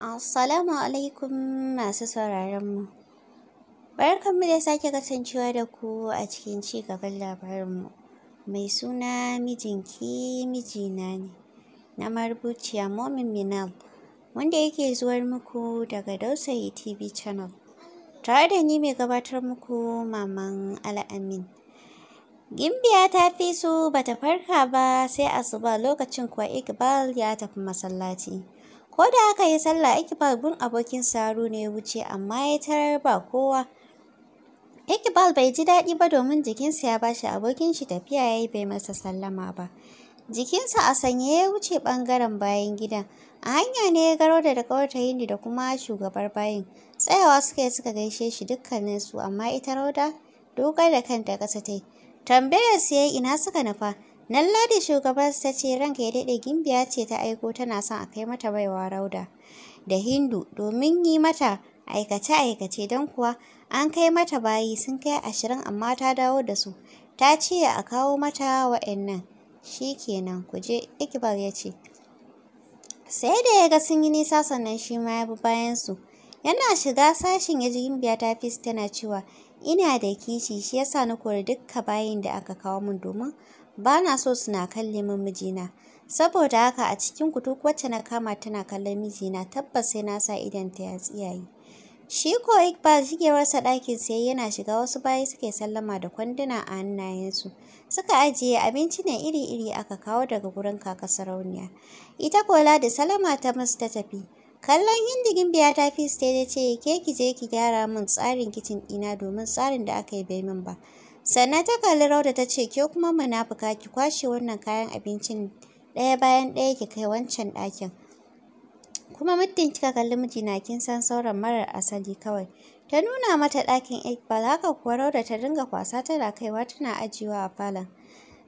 Assalamu alaikum masu sauraronmu. Barkanmu da sake kasancewa da ku a cikin ci gaban labarinmu. Mai suna mijinki mijina ne, na marubuciya Momin Minal, wanda yake zuwar muku daga Dausayi TV Channel. Tare da ni mai gabatar muku Maman Amin. Gimbiya ta fi su bata farka ba sai asuba lokacin kuwa Iqbal ya tafi masallaci. Ko da aka yi sallah Iqbal gun abokin Saru ne ya wuce amma ya tarar ba kowa. Iqbal bai ji daɗi ba domin jikinsa ya bashi abokin shi tafiya yayi bai masa sallama ba. Jikinsa a sanye ya wuce bangaren bayan gida. A hanya ne ya garo da ƙawarta Hindi da kuma shugabar bayin. Tsayawa suka yi suka gaishe shi dukkaninsu amma ita Rauda dogar da kanta ƙasa ta yi. Tambayar su yayi ina suka nufa. nalladi shugabar ta ce ranka ya daɗe gimbiya ce ta aiko tana son a kai mata baiwa rauda da hindu domin yi mata aikace-aikace don kuwa an kai mata bayi sun kai ashirin amma ta dawo da su ta ce a kawo mata wa'annan shi kenan ku je ikibar ya ce sai da ya ga sun yi nisa sannan shi ma ya bi bayansu yana shiga sashin ya ji gimbiya ta fi tana cewa ina da kishi shi yasa na kori dukka bayin da aka kawo min domin ba na so suna kalle min mijina. Saboda haka a cikin ku duk wacce na kama tana kallon mijina tabbas sai na sa idan ta ya tsiyaye. Shi ko Iqbal shigewarsa ɗakin sai yana shiga wasu bayi suke sallama da kwanduna a hannayensu. Suka ajiye abinci ne iri-iri aka kawo daga gurin kaka sarauniya. Ita kola da salama ta musu ta tafi. Kallon hindigin biya ta fi sai da ce ke ki je ki gyara min tsarin kicin ɗina domin tsarin da aka yi bai min ba. sannan ta kalli rauda ta ce ke kuma munafuka ki kwashe wannan kayan abincin ɗaya bayan ɗaya ki kai wancan ɗakin kuma muddin kika kalli mijina kin san sauran marar asali kawai ta nuna mata ɗakin Ekbal haka kuwa rauda ta dinga kwasa tana kaiwa tana ajiyewa a falon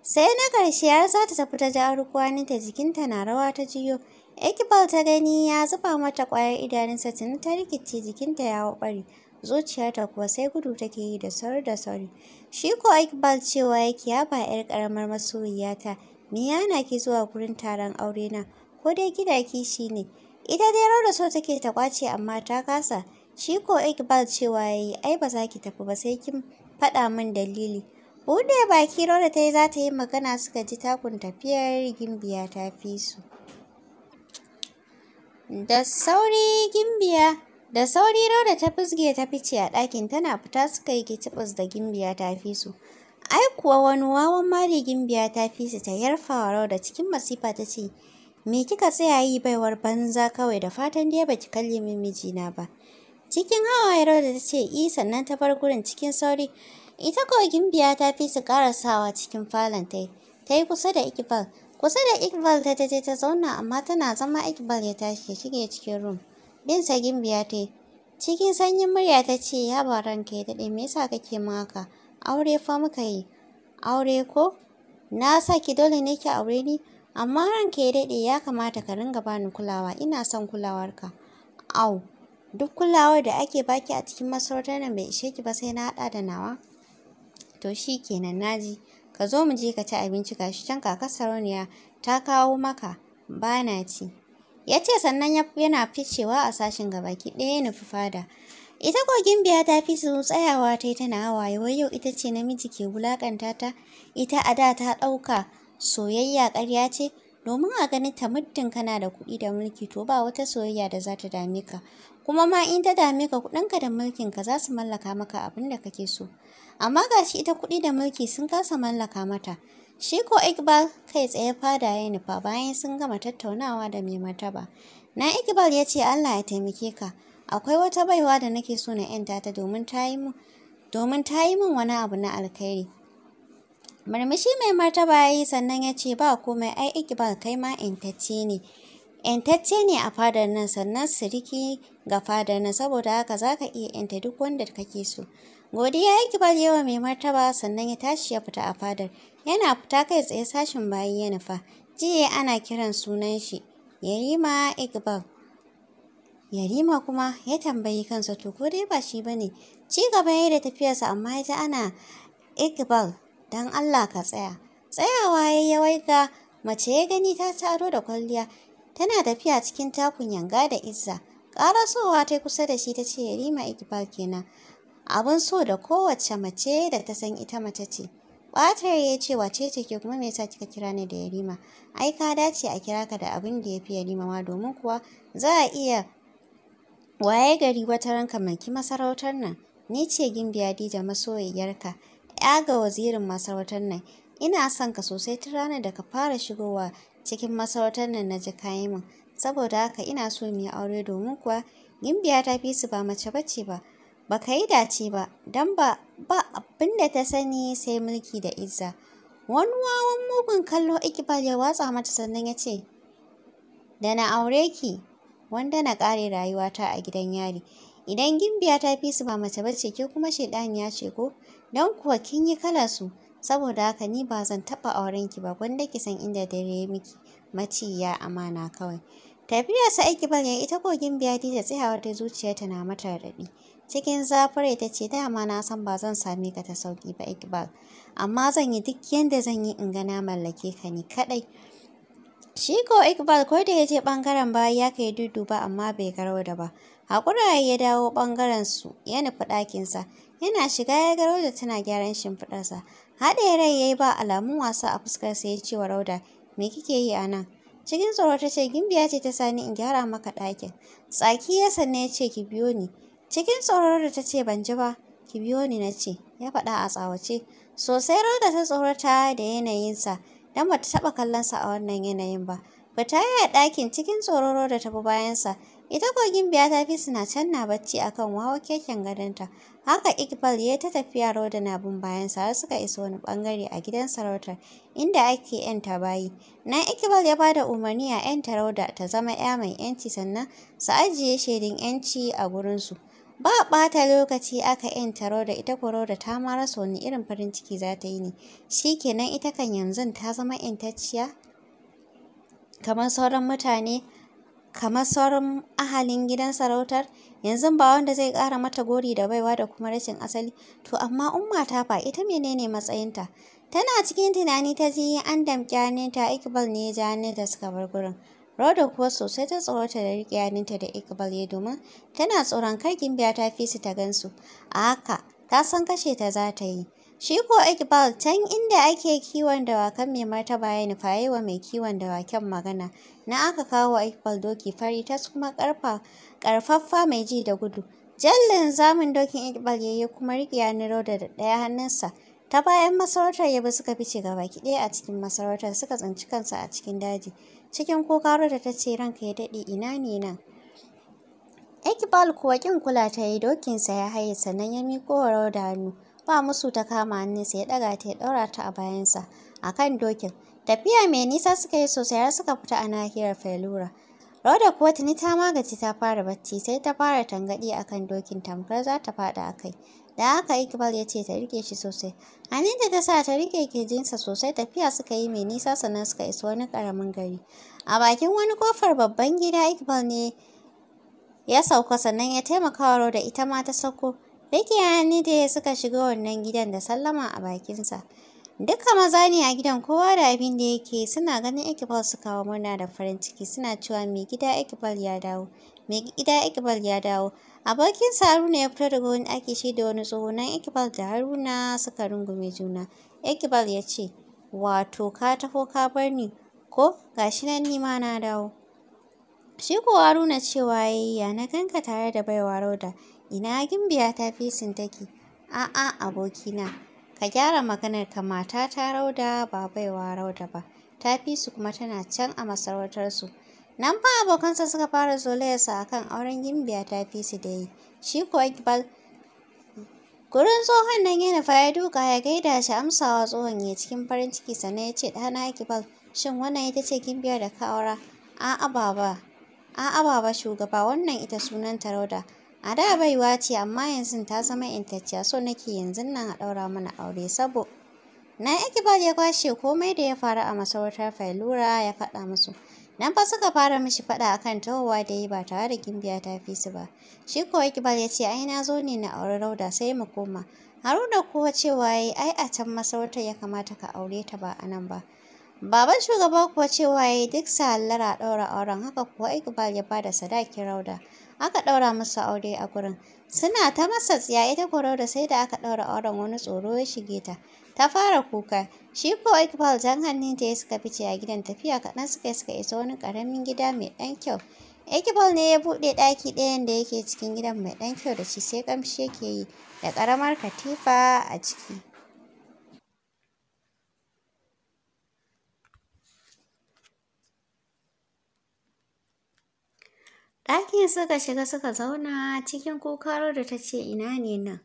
sai na ƙarshe ya za ta tafi ta ji arkuwaninta jikinta na rawa ta jiyo Ekbal ta gani ya zuba mata ƙwayar idanunsa tuni ta rikice jikinta ya ɓari. zuciyarta kuwa sai gudu take yi da sauri da sauri shi ko Iqbal cewa yake ya ba 'yar karamar masoyiyata me yana ki zuwa gurin taron aure na ko dai gida kishi ne ita dai rawar so take ta kwace amma ta kasa shi ko Iqbal cewa yayi ai ba za ki tafi ba sai kin faɗa min dalili buɗe baki rawar ta yi za ta yi magana suka ji takun tafiyar gimbiya ta fi su da sauri gimbiya Da sauri Rauda ta fusge ta fice a ɗakin tana fita suka yi kicibis da gimbiya ta fi su. Ai kuwa wani wawan mari gimbiya ta fi su ta yarfawa Rauda cikin masifa ta ce, Me kika tsaya yi baiwar banza kawai da fatan dai baki kalle min mijina ba. Cikin hawaye Rauda ta ce, I eh, sannan ta bar gurin cikin sauri. Ita kawai gimbiya ta fi su karasawa cikin falon ta yi. Ta yi kusa da ikbal. Kusa da ikbal ta je ta zauna amma tana zama ikbal ya tashi ya shige cikin rum. Binsa Gimbiya ta yi. Cikin sanyin murya ta ce, ya ba ranka ya daɗe, me yasa kake mun haka? Aure fa muka yi. Aure ko? Na sa ki dole ne ki aure ni, amma ranka ya daɗe ya kamata ka ringa bani kulawa, ina son kulawarka. Au, duk kulawar da ake baki a cikin masarautar nan bai ishe ki ba sai na haɗa da nawa? To shi kenan naji, ka zo mu je ka ci abinci gashi can kaka sarauniya ta kawo maka, Bana ci. ya ce sannan yana ficewa a sashin gabaki ɗaya ya nufi fada ita kogin biya ta fi su tsayawa ta yi tana hawaye wai yau ita ce namiji ke wulakanta ta ita a da ta ɗauka soyayya ƙarya ce domin a ganin ta muddin kana da kuɗi da mulki to ba wata soyayya da za ta dame ka kuma ma in ta dame ka kuɗinka da mulkin ka za su mallaka maka abin da kake so amma gashi ita kuɗi da mulki sun kasa mallaka mata Shi ko Iqbal kai tsaye fada ya nufa bayan sun gama tattaunawa da mai martaba. Na Iqbal ya ce Allah ya taimake ka. Akwai wata baiwa da nake so na ‘yanta ta domin ta yi min wani abu na alkhairi. Murmushi mai martaba ya yi sannan ya ce ba komai ai Iqbal kai ma ‘yantacce ne. ‘Yantacce ne a fadar nan sannan siriki ga fadar nan saboda haka za ka iya ‘yanta duk wanda kake so. Godiya Iqbal yawa mai martaba sannan ya tashi ya fita a fadar. Yana fita kai tsaye sashin bayi ya nufa. Jiya ana kiran sunan shi, Yarima Iqbal. Yarima kuma ya tambayi kansa to ko dai ba shi ba ne. Ci gaba ya da tafiyarsa amma ya ji ana Iqbal don Allah ka tsaya. Tsayawa ya yi ga mace ya gani ta taro da kwalliya. Tana tafiya cikin takun yanga da izza. Ƙarasowa ta kusa da shi ta ce Yarima Iqbal kenan. Abin so da kowace mace da ta san ita mace ce. Ƙwatar ya ce wace ce ke kuma me yasa kika kira ni da Yarima? Ai ka dace a kira ka da abin da ya fi Yarima ma domin kuwa za a iya waye gari wata ranka maki masarautar nan. Ni ce Gimbiya Dija masoyiyarka, ya ga wazirin masarautar nan. Ina son ka sosai tun ranar da ka fara shigowa cikin masarautar nan na ji yi min. Saboda haka ina so mu yi aure domin kuwa Gimbiya ta fi su ba mace bace ba. ba ka yi dace ba don ba ba abin da ta sani sai mulki da izza wani wawan mugun kallo ikibal ya watsa mata sannan ya ce da na aure ki wanda na ƙare rayuwata a gidan yari idan gimbiya ta fi su ba mace bace ke kuma ya ce ko don kuwa kin yi kala su saboda haka ni ba zan taɓa auren ki ba gwanda ki san inda dare miki ya amana kawai tafiyarsa ikibal ya ita ko gimbiya da tsayawar ta zuciyarta na mata raɗi Cikin zafire ta ce dama na san ba zan same ka ta sauki ba Iqbal. Amma zan yi duk yadda zan yi in ga na mallake ka ni kaɗai. Shi ko Iqbal ko da ya je ɓangaren baya ya kai duduba amma bai garo da ba. Hakura ya dawo bangaren su ya nufi ɗakinsa. Yana shiga ya garo da tana gyaran shimfiɗarsa. Haɗe rai yayi ba alamun wasa a fuskar fuskarsa ya ce wa Rauda, me kike yi a nan? Cikin tsoro ta ce, Gimbiya ce ta sani in gyara maka ɗakin. Tsaki ya sanne ya ce, ki biyo ni. Cikin tsoron da ta ce ban ji ba, ki biyo ni na ce, ya faɗa a tsawace. Sosai da ta tsorata da yanayinsa, don ba ta taɓa sa a wannan yanayin ba. Fita ya ɗakin cikin tsororo da tafi bayansa, ita kogin biya ta fi suna can na bacci kan wawo keken gadonta. Haka Iqbal ya ta tafiya da na bin bayansa har suka isa wani ɓangare a gidan sarautar inda ake ‘yanta bayi. Na Iqbal ya bada umarni a ‘yanta Rauda ta zama ‘ya mai ‘yanci sannan su ajiye shaidun ‘yanci a gurinsu. Ba ɓata lokaci aka taro da ita kuro da ta ma rasa wani irin farin ciki za ta yi ne. Shi kenan ita kan yanzu ta zama intacciya kamar sauran mutane, kamar sauran ahalin gidan sarautar. Yanzu ba wanda zai ƙara mata gori da baiwa da kuma rashin asali. To amma umma ta fa ita menene matsayinta? Tana cikin tunani ta ji an damƙi ta Iqbal ne ya ja da suka bar gurin. rodo kuwa sosai ta tsorata da riƙe yaninta da Iqbal ya domin tana tsoron kar Gimbiya ta fi su ta gansu. A haka, ta san kashe ta za ta yi. Shi ko Iqbal can inda ake kiwon dawakan mai martaba ya nufa yi wa mai kiwon dawakan magana. Na aka kawo Iqbal doki fari tas kuma ƙarfaffa mai ji da gudu. Jallin zamin dokin Iqbal ya yi kuma riƙe hannun Roda da ɗaya hannunsa. Ta bayan masarautar ya bi suka fice gaba ɗaya a cikin masarautar suka tsinci kansa a cikin daji. cikin kuka da ta ce ranka ya daɗe ina ne nan Ekibal kuwa ƙin kula ta yi dokinsa ya haye sannan ya miƙo wa da hannu ba musu ta kama hannunsa ya ɗaga ta ya ɗaura ta a bayansa a kan dokin tafiya mai nisa suka yi sosai har suka fita a nahiyar felura Rauda kuwa tuni ta magaci ta fara bacci sai ta fara tangadi akan dokin tamkar za ta fada akai, Da haka Iqbal ya ce ta rike shi sosai. Haninta ta sa ta rike kirjinsa sosai tafiya suka yi mai nisa sannan suka isa wani karamin gari. A bakin wani kofar babban gida Iqbal ne ya sauka sannan ya taimaka wa Rauda ita ma ta sauko. ya ni da suka shiga wannan gidan da sallama a bakinsa. Duka maza ne a gidan kowa da abin da yake suna ganin Ekibal su kawo murna da farin ciki suna cewa mai gida Ekibal ya dawo. Mai gida Ekibal ya dawo. Abokinsa Haruna ya fito daga wani ake shi da wani tsoho nan Ekibal da Haruna suka rungume juna. ekibal ya ce, wato ka taho ka bar ni ko gashi nan ni ma na dawo. Shi ko Haruna cewa yayya. na ganka tare da baiwa Rauda ina gimbiya ta fisin take. A'a abokina. Ka gyara maganar ka mata ta Rauda ba baiwa Rauda ba. Ta fi su kuma tana can a masarautar su. Nan fa abokansa suka fara zolayar a kan auren gimbiya ta fi su da yi. Shi kuwa Iqbal Gurin tsohon nan ya nufa ya duka ya gaida shi amsawa tsohon ya cikin farin ciki sannan ya ce ɗana Iqbal shin wannan ita ce gimbiya da ka aura? A'a baba. A'a baba shugaba wannan ita sunanta Rauda. A da baiwa ce amma yanzu ta zama intacciya so nake yanzu nan a ɗaura mana aure sabo. Na ba ya kwashe komai da ya faru a masarautar Failura ya faɗa musu. Nan fa suka fara mishi faɗa akan tawowa da yi ba tare da gimbiya ta fi su ba. Shi yake ba ya ce ai na zo ne na auri Rauda sai mu koma. Haruna ko cewa yayi ai a can masarautar ya kamata ka aure ta ba a nan ba. Baban shugaba kuwa cewa yayi duk sa a ɗaura auren haka kuwa Iqbal ya ba da sadaki Rauda. aka ɗaura musu aure a gurin. Suna ta masa tsiya ita da sai da aka ɗaura auren wani tsoro ya shige ta. Ta fara kuka, shi ko Iqbal jan ta ya suka fice a gidan tafiya kaɗan suka suka isa wani ƙaramin gida mai ɗan kyau. Iqbal ne ya buɗe ɗaki ɗayan da yake cikin gidan mai ɗan kyau da shi sai ƙamshi yake yi da ƙaramar katifa a ciki. Ɗakin suka shiga suka zauna cikin kokaro da ta ce ina ne nan.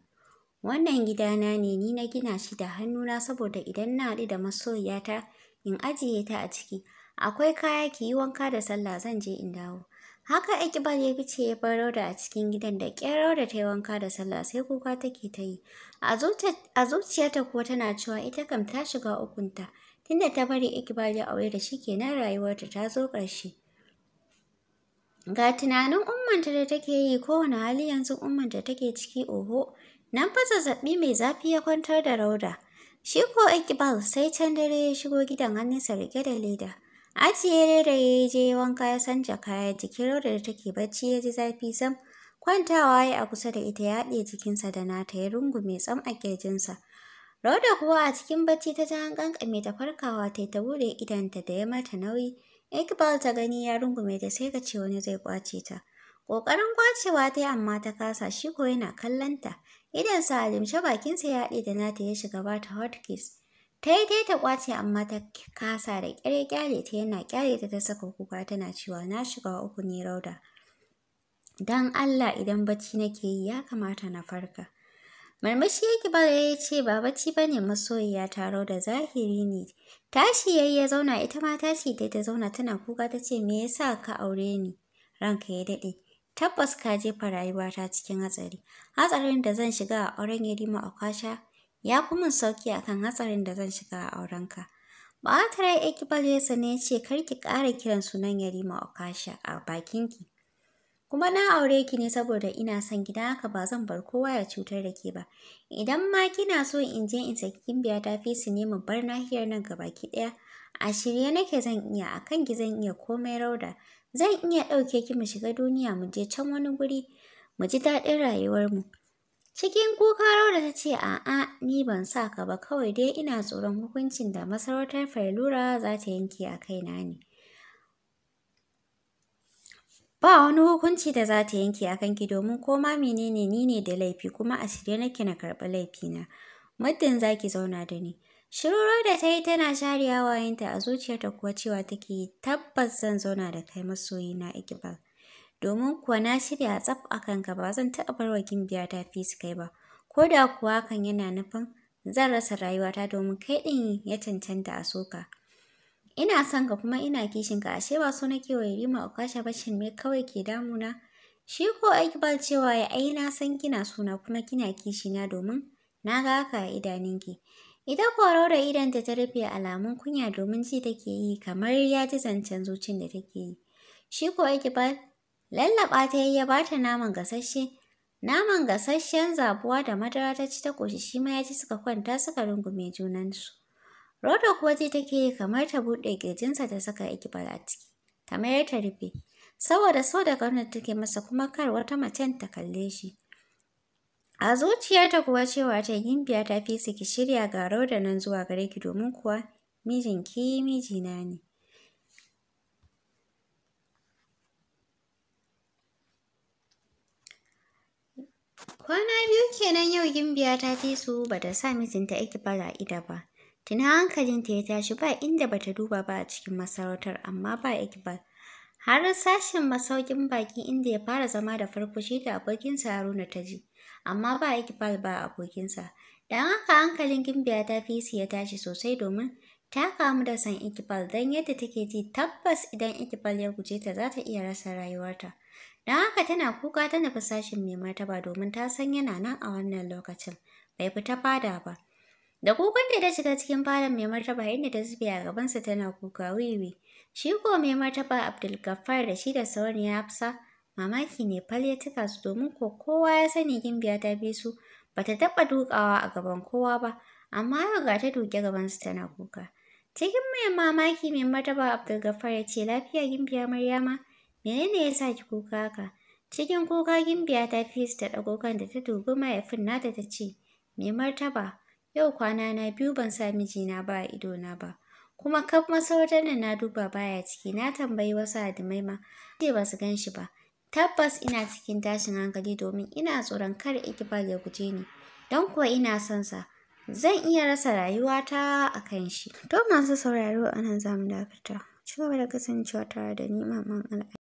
Wannan gidana ne ni na gina shi da hannuna saboda idan na haɗu da masoyiyata in ajiye ta a ciki. Akwai kaya ki yi wanka da sallah zan je in dawo. Haka Iqbal ya fice ya bar Rauda a cikin gidan da ƙyar Rauda ta yi wanka da sallah sai kuka take ta yi. A zuciyarta kuwa tana cewa ita kam ta shiga ukunta tunda ta bari Iqbal ya aure da shi kenan rayuwarta ta zo ƙarshe. Ga tunanin ummanta da take yi kowane hali yanzu ummanta take ciki oho, nan fa zazzaɓi mai zafi ya kwantar da rauda. Shi ko Iqbal sai can dare ya shigo gidan hannunsa rike da leda. Ajiye da ya je wanka ya san kaya jikin rauda da take bacci ya ji zafi sam. Kwantawa ya a kusa da ita ya haɗe jikinsa da nata ya rungume tsam a ƙirjinsa. Rauda kuwa a cikin bacci ta ji an ƙanƙame ta farkawa ta ta buɗe idanta da ya mata nauyi. Iqbal ta gani ya rungume ta sai ka ce wani zai kwace ta. Ƙoƙarin kwacewa ta yi amma ta kasa shi ko yana kallonta. Idan a limshe bakinsa ya haɗe da nata ya shiga ba ta hot kiss. Ta yi ta kwace amma ta kasa da ƙyare ƙyale ta yana ƙyale ta ta saka kuka tana cewa na shiga uku ne rauda. dan Allah idan bacci nake yi ya kamata na farka. Marmashi yake ba ya ce ba bacci ba ne masoyiya ta rauda zahiri ne Tashi yayi ya zauna ita ma tashi dai ta zauna tana kuka ta ce me yasa ka aure ni ranka ya daɗe. Tabbas ka jefa rayuwata cikin hatsari. Hatsarin da zan shiga a auren Yarima Okasha ya fi min sauki akan hatsarin da zan shiga a aurenka. Ba'atare ya ƙi ne ya ce kar ki ƙara kiran sunan Yarima Okasha a bakinki. Kuma na aure ki ne saboda ina son gida haka ba zan bar kowa ya cutar da ke ba. Idan ma kina so in je in saki kimbiya ta fi su ne mu bar nahiyar nan gabaki ɗaya. A shirye nake zan iya a kan ki zan iya komai rauda. Zan iya ɗauke ki mu shiga duniya mu je can wani guri mu ji daɗin mu Cikin kuka Rauda ta ce, A'a, ni ban sa ka ba, kawai dai ina tsoron hukuncin da masarautar Failura za ta yanke a kaina ne. Ba wani hukunci da za ta yanke a kanki domin koma menene ni ne da laifi kuma a shirye nake na karɓi laifina. Muddin za ki zauna da ni. Shiruro da ta yi tana share hawayenta a zuciyarta kuwa cewa take yi tabbas zan zauna da kai masoyina Iqbal. Domin kuwa na shirya tsaf a kanka ba zan taɓa bar wa gimbiya ta fi su kai ba. Ko da kuwa hakan yana nufin zan rasa rayuwata domin kai ɗin ya cancanta a soka. Ina son ka kuma ina kishin ka ashe ba so nake wa Rima Okasha ba shin me kawai ke damuna? Shi ko Iqbal cewa ya ai na san kina suna kuma kina kishi na domin na ga haka a idanunki. Ita koro da idan ta rufe alamun kunya domin ji take yi kamar ya ji zancen zuciyar da take yi. Shi ko Iqbal lallaba ta yi ya ba ta naman gasasshe. Naman gasasshen zabuwa da madara ta ci ta koshi shi ma ya ci suka kwanta suka rungume junansu. Rodo kuwa ji take kamar ta buɗe ƙirjinsa ta saka ikibar a ciki, ta mayar ta rufe. Saboda so da gwamnati take masa kuma kar wata macen ta kalle shi. A zuciyarta kuwa cewa ta gimbiya ta fi su ki shirya ga da nan zuwa gare ki domin kuwa mijinki mijina ne. Kwana biyu kenan yau gimbiya ta fi su ba ta sa mijinta ikibar a ida ba. Tuna ta ya tashi ba inda bata duba ba a cikin masarautar amma ba Iqbal. Har sashen masaukin baki inda ya fara zama da farko shi da abokinsa Haruna ta ji, amma ba Iqbal ba abokinsa. Don haka hankalin Gimbiya ta fi ya tashi sosai domin ta kamu da san Iqbal don yadda take ji tabbas idan Iqbal ya guje ta za ta iya rasa rayuwarta. Don haka tana kuka ta nufi sashen mai martaba domin ta san yana nan a wannan lokacin. Bai fita fada ba. Da da ta shiga cikin falon mai martaba inda ta zube a gabansa tana kuka wiwi. Shi ko mai martaba Abdulgaffar da shi da ya Hafsa mamaki ne fal ya su domin ko kowa ya sani gimbiya ta bi su bata taɓa dukawa a gaban kowa ba amma yau ga ta duke gabansu tana kuka. Cikin mai mamaki mai martaba Abdulgaffar ya ce lafiya gimbiya Maryama menene ya sa ki kuka haka? Cikin kuka gimbiya ta fi su ta ɗago da ta dubi mahaifin nata ta ce mai martaba Yau kwana na biyu ban sa mijina ba a idona ba. Kuma kaf masarautar da na duba baya ciki na tambayi wasu hadimai ma ba su gan shi ba. Tabbas ina cikin tashin hankali domin ina tsoron kar Iqbal ya guje ni. Don kuwa ina son sa. Zan iya rasa rayuwata a kan shi. To masu sauraro a nan dakata. Ci gaba da kasancewa tare da ni mamman Al'adu.